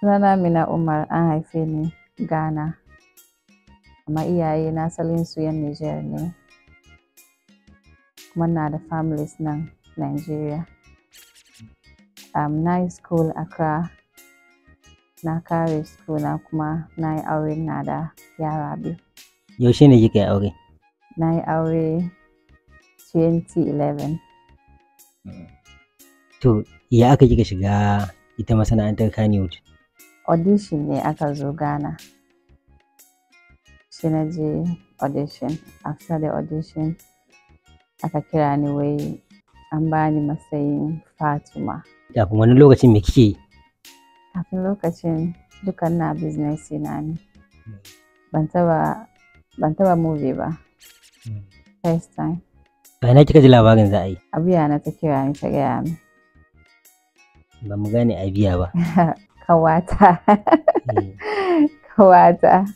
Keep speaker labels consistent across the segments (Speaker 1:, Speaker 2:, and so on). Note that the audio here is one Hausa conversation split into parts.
Speaker 1: sunana Mina Umar an haife ni Ghana amma iyaye na asalin su yan Niger ne kuma na da families nan Nigeria um, na yi school Accra na kare school na kuma na yi aure na da yara biyu
Speaker 2: yaushe ne kika yi aure
Speaker 1: na yi aure 2011
Speaker 2: to ya aka kika shiga ita masana'antar Kannywood
Speaker 1: audition ne aka zo Ghana shi na je audition after the audition aka kira ni wai an bani matsayin Fatima
Speaker 2: kafin wani lokacin mai kike
Speaker 1: kafin lokacin dukkan na business na ne hmm. ban taba movie ba hmm. first time
Speaker 2: Bayan kika ji labarin za a yi.
Speaker 1: Abiya na ta kira ni ta gaya min.
Speaker 2: Ba mu gane a biya ba.
Speaker 1: kawata eh. kawata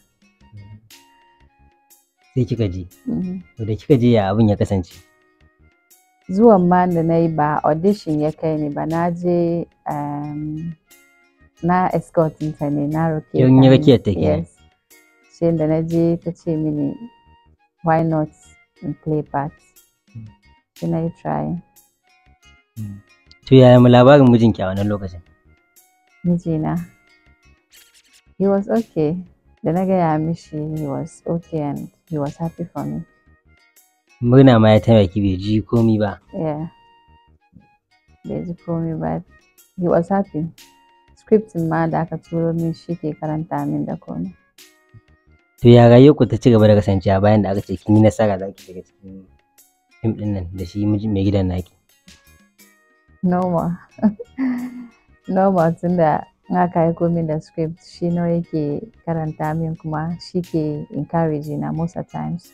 Speaker 2: sai kika je mm-hmm. to da kika je ya abin ya kasance
Speaker 1: zuwan ma da na ba audition ya kai ni ba na je um, na escort ta ne na roke yin yi rake ta ke sai da na je ta ce mini why not in play part mm. sai na try
Speaker 2: mm. to yaya mu labarin mijinki a wannan lokacin
Speaker 1: mijina he was okay da na gaya mishi he was okay and he was happy for me
Speaker 2: murna ma ya taimaki bai ji komi ba
Speaker 1: yeah bai ji komi ba he was happy scripting ma da aka turo min shi ke karanta min da komi.
Speaker 2: to ya ku ta ci gaba da kasancewa bayan da aka ce kin yi nasara da ake daga cikin fim din nan da shi mai gidan naki
Speaker 1: no more normal tun da aka aiko min da script shi nawa yake karanta min kuma shi ke encourage na most of times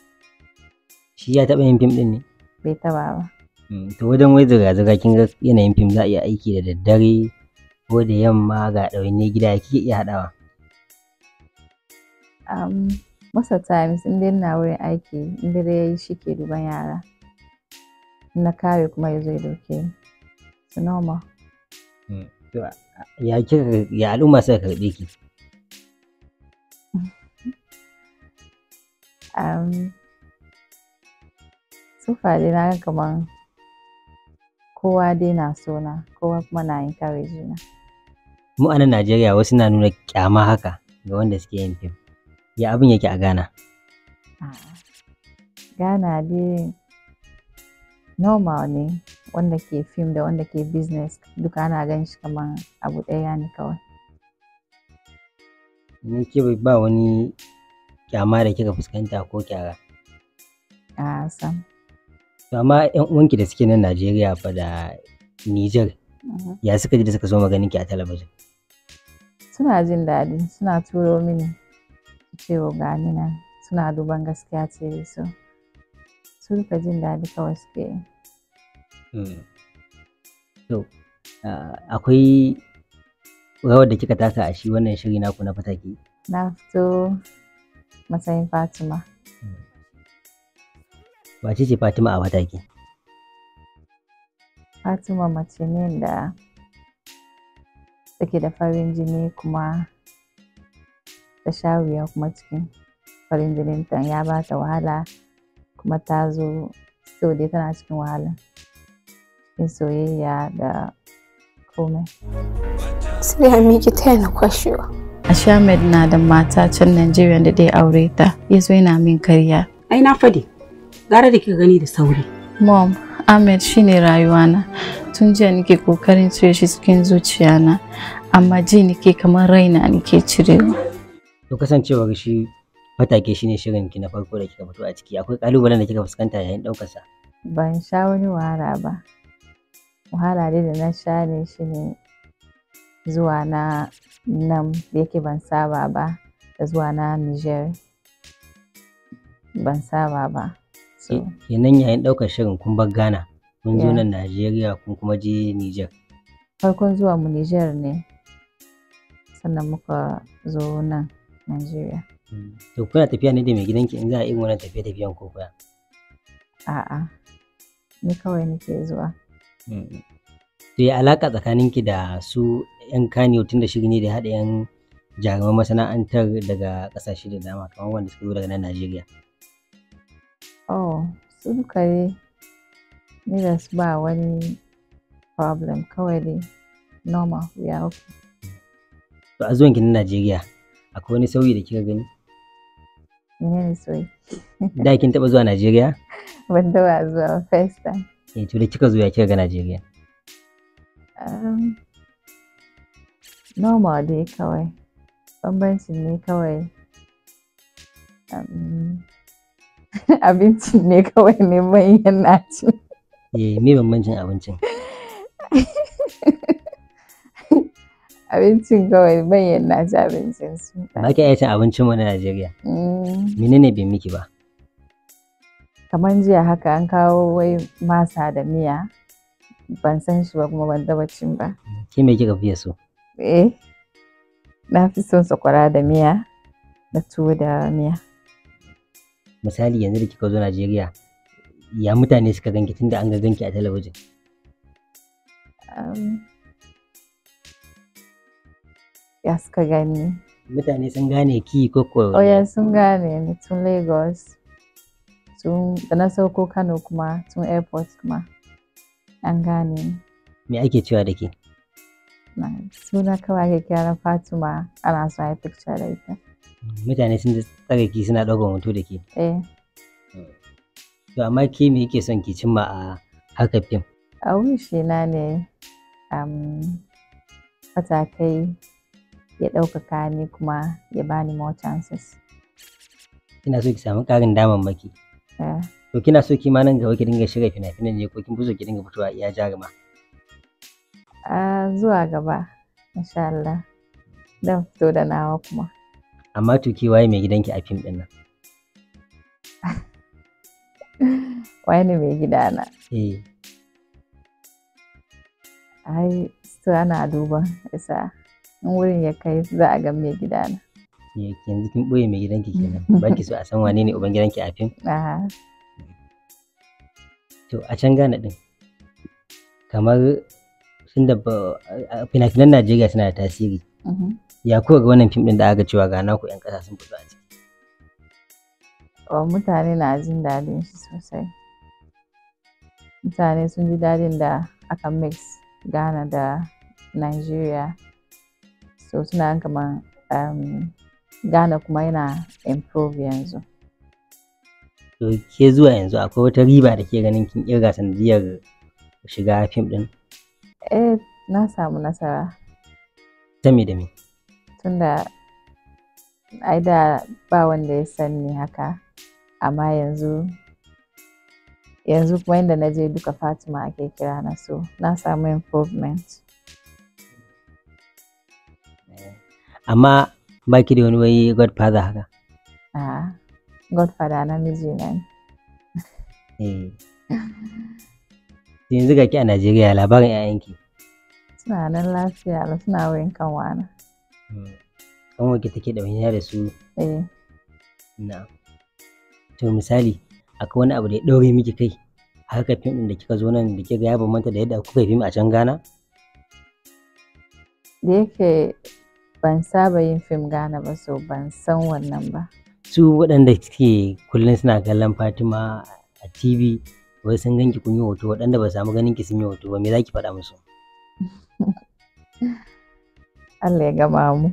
Speaker 2: shi ya taɓa yin fim ɗin ne bai taɓa ba mm, to wajen wai zirga-zirga kin ga yanayin fim za a iya aiki da daddare ko da yamma ga ɗawainiyar gida ya kike iya haɗawa
Speaker 1: um, most of times in dai na wurin aiki in dai yayi shi ke duban yara na kare kuma ya zai doke su normal
Speaker 2: mm. ya kika ya al'umma suka karɓe ki
Speaker 1: um, sufa dai na kaman kowa dai na sona, kowa kuma na encourage na
Speaker 2: mu a Najeriya wasu na nuna kyama haka ga wanda suke yin fim ya abin yake a Ghana
Speaker 1: Ghana dai noma ne wanda ke fim da wanda ke business duk ana gan shi kamar abu ɗaya ne kawai
Speaker 2: ne ke ba wani kyama da kika fuskanta ko kyara
Speaker 1: a sam
Speaker 2: to amma yan uwanki da suke nan Najeriya fa da Niger mhm. ya suka ji da suka zo maganin ki a talabijin
Speaker 1: suna jin daɗi suna turo mini cewa ganina, suna duban gaskiya ce so su rika jin daɗi kawai suke yi
Speaker 2: hmm. to akwai rawar da kika taka a shi wannan shiri naku na fataki
Speaker 1: na fito matsayin fatima hmm.
Speaker 2: wace ce fatima a fataki
Speaker 1: fatima mace ne da take da farin jini kuma ta sha wuya kuma cikin farin jinin ya ba ta wahala kuma ta zo dai tana cikin wahala cikin soyayya da komai sai ya miki ta yana kwashewa Ahmed na da mata can Najeriya da dai aure ta ya zo yana min karya ai na fadi gara da ke
Speaker 2: gani da sauri
Speaker 1: mom Ahmed shi ne rayuwana tun jiya nake kokarin cire shi cikin zuciyana amma ji nake kamar raina nake cirewa
Speaker 2: Ka kasancewa shi Fatake shine shirin ki na farko da kika fito a ciki. Akwai kalubalen da kika fuskanta yayin daukar sa?
Speaker 1: Ban sha wani wahala ba. Wahala dai da na sha ne shine zuwa na nan da yake ban saba ba da zuwa na Niger. Ban saba ba.
Speaker 2: Kenan yayin daukar shirin kun bar Ghana. Kun zo nan Najeriya kun kuma je Niger.
Speaker 1: Farkon zuwa mu Niger ne. Sannan muka zo nan Najeriya.
Speaker 2: To kuna tafiya ne da mai gidanki in za a irin wannan tafiye tafiyan ko kuwa?
Speaker 1: A'a, ni kawai nake zuwa.
Speaker 2: To ya alaƙa tsakaninki da su 'yan kaniyo tun da shiri ne da haɗa 'yan jaruman masana'antar daga ƙasashe da dama kamar wanda suka zo daga nan Najeriya.
Speaker 1: Oh, su kare ni da su ba wani problem kawai dai normal we are okay.
Speaker 2: To a zuwanki na Najeriya akwai wani sauyi da kika gani? Da kin taɓa zuwa Najeriya?
Speaker 1: Ban taɓa zuwa first time.
Speaker 2: Eh, to da kika zo ya kika ga Najeriya?
Speaker 1: Um, normal dai kawai bambancin ne kawai um, abincin ne kawai ne manyan naci
Speaker 2: eh, me bambancin abincin
Speaker 1: abincin kawai bayan na ci abincin su.
Speaker 2: Ba ki cin abincin mu na Najeriya. Mm. Menene bai miki ba?
Speaker 1: Kamar jiya haka an kawo wai masa da miya. Ban san shi ba kuma ban taba cin ba.
Speaker 2: Ki me kika fiye so?
Speaker 1: Eh. Na fi son sakwara da miya da tuwo da miya.
Speaker 2: Misali yanzu da kika zo Najeriya ya mutane suka ganki tunda an ga ganki a talabijin.
Speaker 1: Um, gaskiya suka gani
Speaker 2: mutane sun gane ki koko oya
Speaker 1: oh, sun gane ni tun lagos tun da na sauko kano kuma tun airport kuma an gane
Speaker 2: me ake cewa da ke
Speaker 1: suna kawai ake kira fatima ana so ya yi picture da ita
Speaker 2: mutane sun tsaga ki suna ɗaukar hoto da ke eh to amma ke me yake son ki cimma a haka fim
Speaker 1: a na ne um, matakai ya ɗaukaka ni kuma ya bani more chances
Speaker 2: kina so ki samu ƙarin damammaki eh. to kina so ki ma nan gaba ki dinga shirya fina-finan ne ko kin fi so ki dinga fitowa iya jaruma
Speaker 1: ah, zuwa gaba insha Allah dan fito da nawa kuma
Speaker 2: amma to ki waye mai gidanki a fim din
Speaker 1: waye ne mai gidana eh ai su ana duba, isa in wurin ya kai za a ga mai gidana
Speaker 2: yanzu kin ɓoye mai gidanki kenan ba ki so a san wane ne uban gidanki a fim to a can gane ɗin. kamar sun da fina-finan najeriya suna da tasiri ya kuwa ga wannan fim ɗin da aka cewa ga naku yan ƙasa sun fito a ciki
Speaker 1: mutane na jin daɗin shi sosai mutane sun ji daɗin da aka mix ghana da nigeria so suna yin kamar um, ghana kuma yana improve yanzu
Speaker 2: to ke zuwa yanzu akwai wata riba da ke ganin kin kirga sanadiyar shiga fim din
Speaker 1: eh na samu nasara ta me da me tunda ai da ba wanda ya san ni haka amma yanzu yanzu kuma inda na je duka fatima ake kira na so na samu improvement
Speaker 2: amma ba ki da wani wai godfather haka
Speaker 1: a godfather na miji ne.
Speaker 2: eh yanzu ga ki a Najeriya labarin ƴaƴanki
Speaker 1: suna nan lafiya la suna wayan kan wani
Speaker 2: hmm. kan wanke take wani da su eh na to misali akwai wani abu da ya dore miki kai haka fim ɗin da kika zo nan da kika ya manta da yadda kuka fim a can Ghana
Speaker 1: da yake ban saba yin fim Ghana ba so ban san wannan ba
Speaker 2: su waɗanda suke kullum suna kallon fatima a tv wai sun ganki kun yi hoto waɗanda ba samu ganin ki sun yi hoto ba me za ki faɗa musu
Speaker 1: Allah ya gama mu